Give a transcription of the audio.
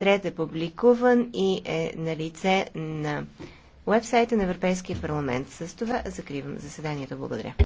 е публикуван и е на лице на вебсайта на Европейския парламент. С това закривам заседанието. Благодаря.